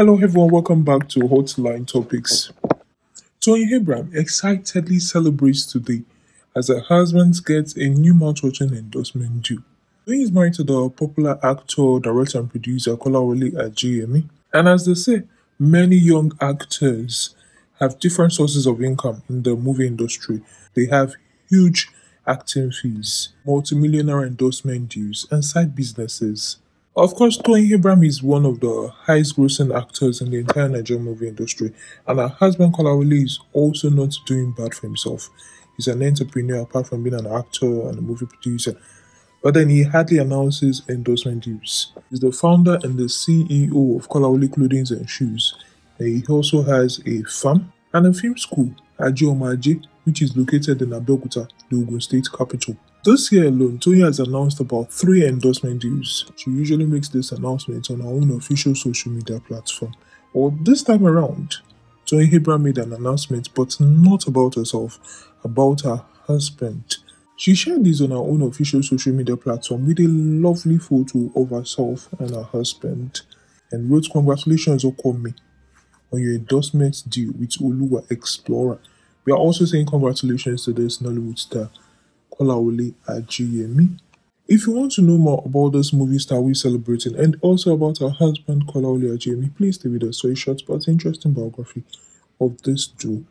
Hello, everyone. Welcome back to Hotline Topics. Tony Abraham excitedly celebrates today as her husband gets a new mouth endorsement due. Tony is married to the popular actor, director, and producer Kolawole Ajayemi, and as they say, many young actors have different sources of income in the movie industry. They have huge acting fees, multimillionaire endorsement dues, and side businesses. Of course, Toyin Abraham is one of the highest grossing actors in the entire Nigerian movie industry, and her husband Kolawole is also not doing bad for himself. He's an entrepreneur apart from being an actor and a movie producer, but then he hardly announces endorsement deals. He's the founder and the CEO of Kolawole Clothing and Shoes. And he also has a farm and a film school, Ajio Maji, which is located in Abeokuta, the Ogun State capital. This year alone, Toyin has announced about three endorsement deals. She usually makes these announcements on her own official social media platform. Or well, this time around, Toyin Hibra made an announcement, but not about herself, about her husband. She shared this on her own official social media platform with a lovely photo of herself and her husband and wrote, Congratulations, Okomi, on your endorsement deal with Oluwa Explorer. We are also saying congratulations to this Nollywood star. Olawole Ajiyemi. If you want to know more about this movie star we're celebrating and also about her husband Kolawole Ajiyemi, please stay with us for a short but interesting biography of this duo.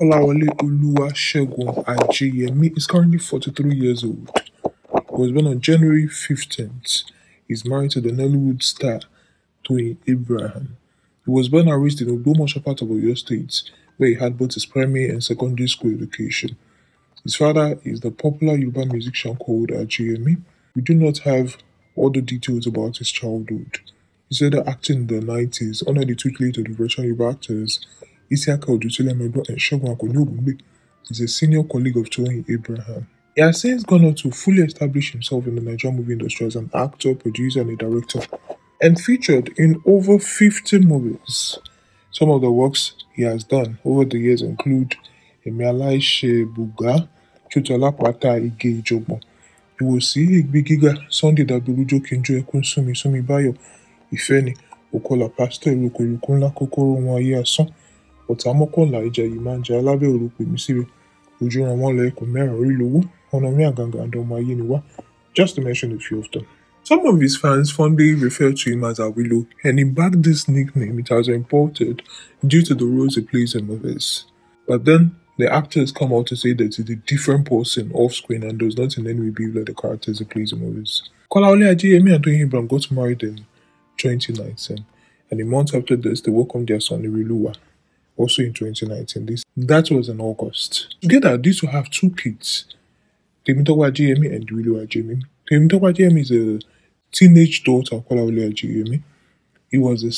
Olawale Oluwasegun Ajiyemi is currently 43 years old. He was born on January 15th. He's married to the Nollywood star Tony Abraham. He was born and raised in Ogbomoso part of Oyo State, where he had both his primary and secondary school education. His father is the popular Yoruba musician called Ajayemi. Uh, we do not have all the details about his childhood. He started acting in the 90s under the tutelage of the veteran Yoruba actors Isiaka Odutulemebo and Shogun Akonyogumbe. He's a senior colleague of Tony Abraham. He has since gone on to fully establish himself in the Nigerian movie industry as an actor, producer, and a director, and featured in over 50 movies. Some of the works he has done over the years include Ẹ̀mí aláìṣebùgá jújù alápatà igé ìjọ̀gbọ̀n. Ìwòsí ìgbì gíga Sunday Dàgbòlújó kìnjú ẹkún súnmi súnmi báyọ̀. Ìfẹ́ ni òkọlà pásítọ̀ ìrókò ìrókò ńlá kókóró wọn ayé asán. Ọ̀tá mọ́kànlá ìjà yìí máa ń jẹ alábẹ́ òrùpè mi síre. Ojú ran wọn lọ ẹkùn mẹ́rin orí lówó. Ọ̀nà mí àgàngà àdọ́mọ ayé ni wá. Just to mention a few of them. Some of his fans fondly refer to him as Awilo, and he backed this nickname it has been imported due to the roles he plays in movies. But then, the actors come out to say that it's a different person off screen and does not in any way behave like the characters he plays in movies. Kolaole Ajayemi and Toyin Ibrahim got married in 2019, and a month after this, they welcomed their son Iriluwa, also in 2019. This that was in August. Together, these two have two kids, Temitowa Ajayemi and Iriluwa Ajayemi. Temitowa Ajayemi is a teenage daughter of Kolaole Ajayemi. He was a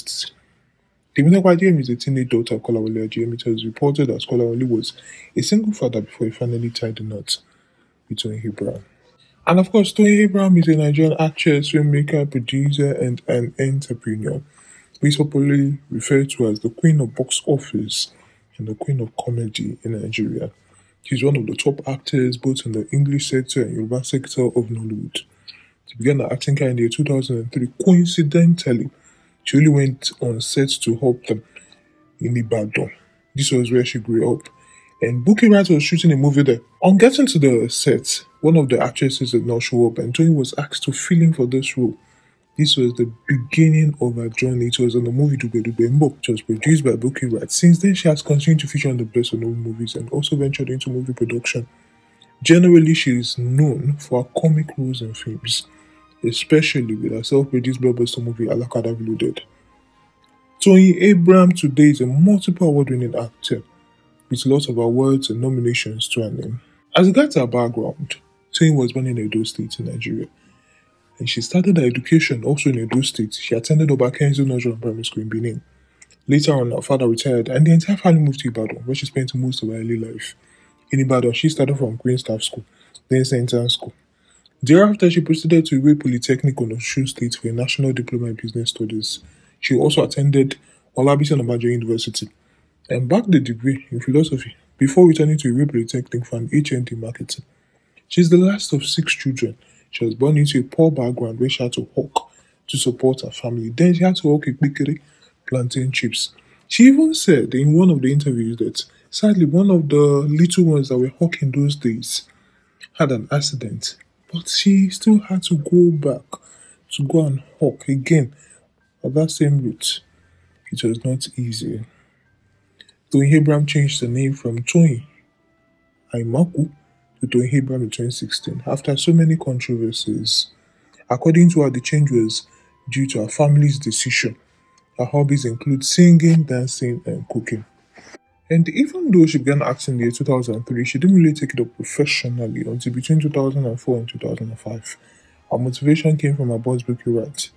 Divina Guardium is a teenage daughter of Kolawole Ajiyomi. It was reported that Kolawole was a single father before he finally tied the knot with Tony And of course, Tony Abraham is a Nigerian actress, filmmaker, producer, and an entrepreneur. He's popularly referred to as the queen of box office and the queen of comedy in Nigeria. He's one of the top actors both in the English sector and Yoruba sector of Nollywood. She began her acting career in the year 2003, coincidentally, Julie went on set to help them in Ibadan. This was where she grew up. And Bookie Wright was shooting a movie there. On getting to the set, one of the actresses did not show up, and Tony was asked to fill in for this role. This was the beginning of her journey. It was on the movie Dube Dube Mbo, which was produced by Bookie Wright. Since then, she has continued to feature on the best known movies and also ventured into movie production. Generally, she is known for her comic roles and films especially with her self-produced blockbuster movie Alakada Reloaded. Tony Abraham today is a multiple award-winning actor with lots of awards and nominations to her name. As regards her background, Tony was born in Edo State in Nigeria and she started her education also in Edo State. She attended Obakenzo Nigerian Primary School in Benin. Later on, her father retired and the entire family moved to Ibadan where she spent most of her early life. In Ibadan, she started from Queen's Staff School, then Central School. Thereafter, she proceeded to Iwe Polytechnic on Osun State for a national diploma in business studies. She also attended Olabisi Onabanjo University and backed the degree in philosophy before returning to Iwe Polytechnic for an HND marketing. She is the last of six children. She was born into a poor background where she had to hawk to support her family. Then she had to hawk a bakery plantain chips. She even said in one of the interviews that sadly one of the little ones that were hawking those days had an accident but she still had to go back to go and hawk again at that same route. It was not easy. Tony Abraham changed the name from Tony Aimaku to Tony Abraham in 2016 after so many controversies. According to her, the change was due to her family's decision. Her hobbies include singing, dancing, and cooking. And even though she began acting in the year 2003, she didn't really take it up professionally until between 2004 and 2005. Her motivation came from her boss, Bucky Rat.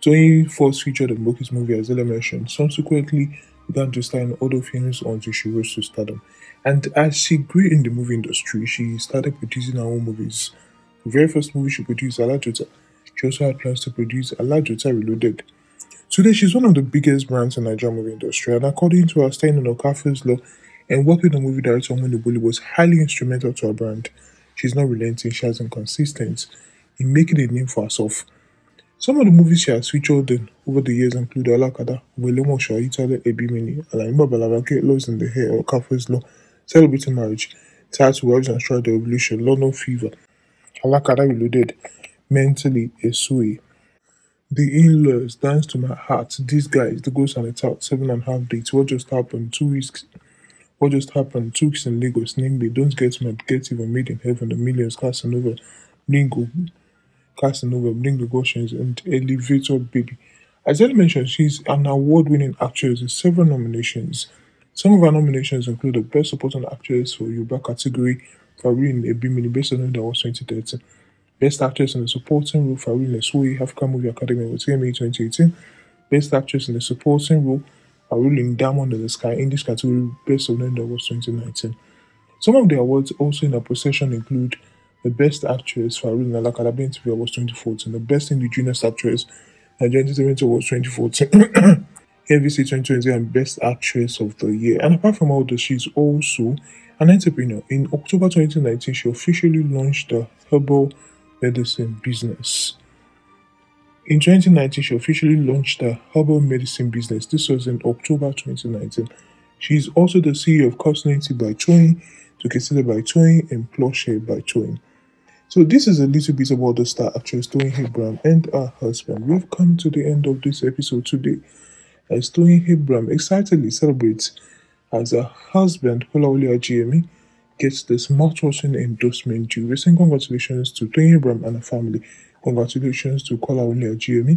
Tony first featured in Bucky's movie, as Ella mentioned, subsequently began to star in other films until she rose to stardom. And as she grew in the movie industry, she started producing her own movies. The very first movie she produced, Alajota, she also had plans to produce Alajota Reloaded, Today, she's one of the biggest brands in Nigerian movie industry, and according to her, staying on Okafor's law and working with movie director Omunibuli was highly instrumental to her brand. She's not relenting, she has been consistent in making a name for herself. Some of the movies she has featured in over the years include Alakada, Welemo Shaitale Ebimini, Alaimba Balabake, Lost in the Hair, Okafor's Law, Celebrating Marriage, Tattoo Wives and Strike the Revolution, London Fever, Alakada Reloaded, Mentally, Esui, the in-laws dance to my heart. These guys, the ghost and the tout, seven and a half dates. What just happened? Two weeks. What just happened? Two weeks in Lagos. Namely, don't get mad, get even made in heaven. The millions Casanova, Bingo, over. Bingo Goshen's and Elevator Baby. As I mentioned, she's an award-winning actress with several nominations. Some of her nominations include the Best Supporting Actress for Yuba category, for Farin Ebimini, based on that was 2013. Best Actress in a Supporting Role for the Swi African Movie Academy with AMA 2018. Best Actress in a Supporting Role for Awile Diamond in the Sky in this category Best of Awards 2019. Some of the awards also in her possession include the Best Actress for La Nalakalabin TV Awards 2014, the Best Indigenous Actress Nigerian Entertainment Awards 2014. NBC 2020 and Best Actress of the Year. And apart from all this, she's also an entrepreneur. In October 2019, she officially launched the herbal medicine business. In 2019, she officially launched her herbal medicine business. This was in October 2019. She is also the CEO of Cosmetic by to consider by Toying, and Plushhair by Toying. So this is a little bit about the star actress Toyin Hebram and her husband. We've come to the end of this episode today as Toyin Hebram excitedly celebrates as her husband Olaole Jamie gets this mouthwatering endorsement due. We send congratulations to Tony Abram and her family. Congratulations to Kola Only Ajiomi.